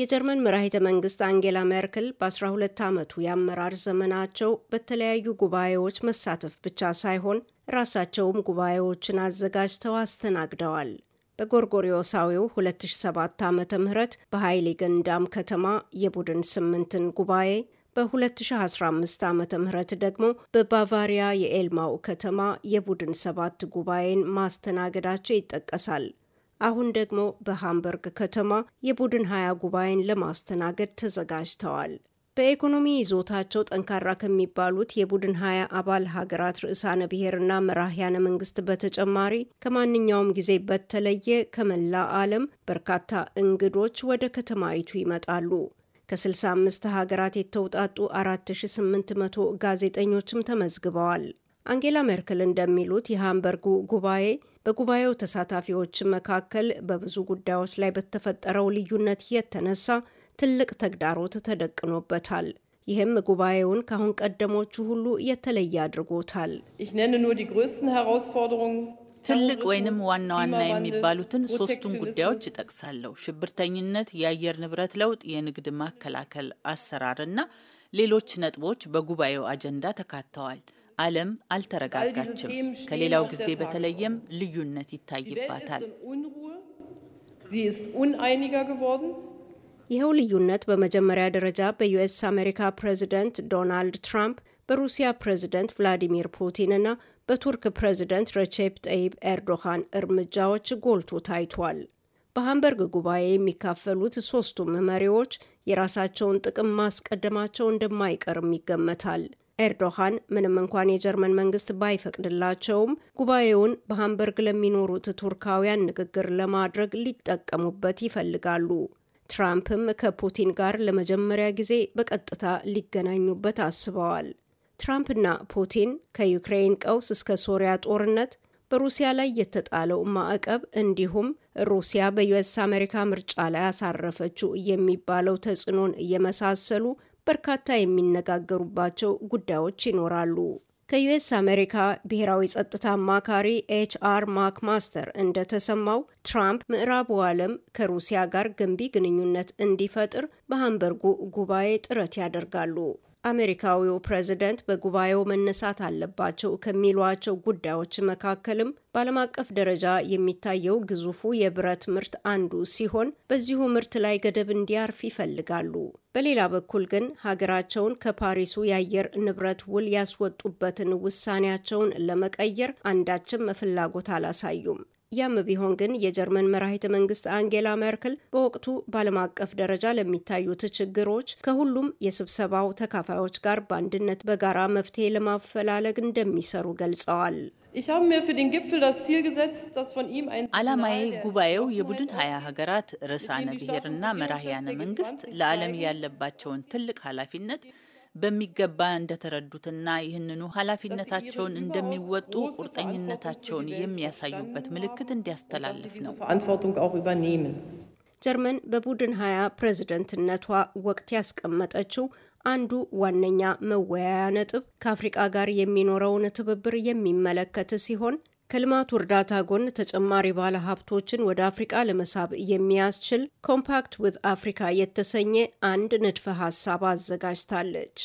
የጀርመን መራሂተ መንግስት አንጌላ ሜርክል በ12 ዓመቱ የአመራር ዘመናቸው በተለያዩ ጉባኤዎች መሳተፍ ብቻ ሳይሆን ራሳቸውም ጉባኤዎችን አዘጋጅተው አስተናግደዋል። በጎርጎሪዮሳዊው 2007 ዓ ም በኃይሌ ገንዳም ከተማ የቡድን ስምንትን ጉባኤ በ2015 ዓ ም ደግሞ በባቫሪያ የኤልማው ከተማ የቡድን ሰባት ጉባኤን ማስተናገዳቸው ይጠቀሳል። አሁን ደግሞ በሃምበርግ ከተማ የቡድን ሀያ ጉባኤን ለማስተናገድ ተዘጋጅተዋል። በኢኮኖሚ ይዞታቸው ጠንካራ ከሚባሉት የቡድን ሀያ አባል ሀገራት ርዕሳነ ብሔርና መራህያነ መንግስት በተጨማሪ ከማንኛውም ጊዜ በተለየ ከመላ ዓለም በርካታ እንግዶች ወደ ከተማይቱ ይመጣሉ። ከ65 ሀገራት የተውጣጡ 4800 ጋዜጠኞችም ተመዝግበዋል። አንጌላ ሜርክል እንደሚሉት የሃምበርጉ ጉባኤ በጉባኤው ተሳታፊዎች መካከል በብዙ ጉዳዮች ላይ በተፈጠረው ልዩነት የተነሳ ትልቅ ተግዳሮት ተደቅኖበታል። ይህም ጉባኤውን ከአሁን ቀደሞቹ ሁሉ የተለየ አድርጎታል። ትልቅ ወይንም ዋና ዋና የሚባሉትን ሶስቱን ጉዳዮች እጠቅሳለሁ። ሽብርተኝነት፣ የአየር ንብረት ለውጥ፣ የንግድ ማከላከል አሰራርና ሌሎች ነጥቦች በጉባኤው አጀንዳ ተካተዋል። ዓለም አልተረጋጋችም። ከሌላው ጊዜ በተለየም ልዩነት ይታይባታል። ይኸው ልዩነት በመጀመሪያ ደረጃ በዩኤስ አሜሪካ ፕሬዚደንት ዶናልድ ትራምፕ፣ በሩሲያ ፕሬዚደንት ቭላዲሚር ፑቲን እና በቱርክ ፕሬዚደንት ረቼፕ ጠይብ ኤርዶሃን እርምጃዎች ጎልቶ ታይቷል። በሃምበርግ ጉባኤ የሚካፈሉት ሶስቱም መሪዎች የራሳቸውን ጥቅም ማስቀደማቸው እንደማይቀርም ይገመታል። ኤርዶሃን ምንም እንኳን የጀርመን መንግስት ባይፈቅድላቸውም ጉባኤውን በሃምበርግ ለሚኖሩት ቱርካውያን ንግግር ለማድረግ ሊጠቀሙበት ይፈልጋሉ። ትራምፕም ከፑቲን ጋር ለመጀመሪያ ጊዜ በቀጥታ ሊገናኙበት አስበዋል። ትራምፕና ፑቲን ከዩክሬን ቀውስ እስከ ሶሪያ ጦርነት በሩሲያ ላይ የተጣለው ማዕቀብ እንዲሁም ሩሲያ በዩኤስ አሜሪካ ምርጫ ላይ አሳረፈችው የሚባለው ተጽዕኖን እየመሳሰሉ በርካታ የሚነጋገሩባቸው ጉዳዮች ይኖራሉ። ከዩኤስ አሜሪካ ብሔራዊ ጸጥታ አማካሪ ኤች አር ማክ ማስተር እንደተሰማው ትራምፕ ምዕራቡ ዓለም ከሩሲያ ጋር ገንቢ ግንኙነት እንዲፈጥር በሃምበርጉ ጉባኤ ጥረት ያደርጋሉ። አሜሪካዊው ፕሬዝደንት በጉባኤው መነሳት አለባቸው ከሚሏቸው ጉዳዮች መካከልም በዓለም አቀፍ ደረጃ የሚታየው ግዙፉ የብረት ምርት አንዱ ሲሆን በዚሁ ምርት ላይ ገደብ እንዲያርፍ ይፈልጋሉ። በሌላ በኩል ግን ሀገራቸውን ከፓሪሱ የአየር ንብረት ውል ያስወጡበትን ውሳኔያቸውን ለመቀየር አንዳችም ፍላጎት አላሳዩም። ያም ቢሆን ግን የጀርመን መራሂተ መንግስት አንጌላ መርክል በወቅቱ በዓለም አቀፍ ደረጃ ለሚታዩት ችግሮች ከሁሉም የስብሰባው ተካፋዮች ጋር በአንድነት በጋራ መፍትሄ ለማፈላለግ እንደሚሰሩ ገልጸዋል። ዓላማዬ ጉባኤው የቡድን ሀያ ሀገራት ርዕሳነ ብሔርና መራህያነ መንግስት ለዓለም ያለባቸውን ትልቅ ኃላፊነት በሚገባ እንደተረዱትና ይህንኑ ኃላፊነታቸውን እንደሚወጡ ቁርጠኝነታቸውን የሚያሳዩበት ምልክት እንዲያስተላልፍ ነው። ጀርመን በቡድን ሀያ ፕሬዝደንትነቷ ወቅት ያስቀመጠችው አንዱ ዋነኛ መወያያ ነጥብ ከአፍሪቃ ጋር የሚኖረውን ትብብር የሚመለከት ሲሆን ከልማቱ እርዳታ ጎን ተጨማሪ ባለ ሀብቶችን ወደ አፍሪቃ ለመሳብ የሚያስችል ኮምፓክት ዊዝ አፍሪካ የተሰኘ አንድ ንድፈ ሀሳብ አዘጋጅታለች።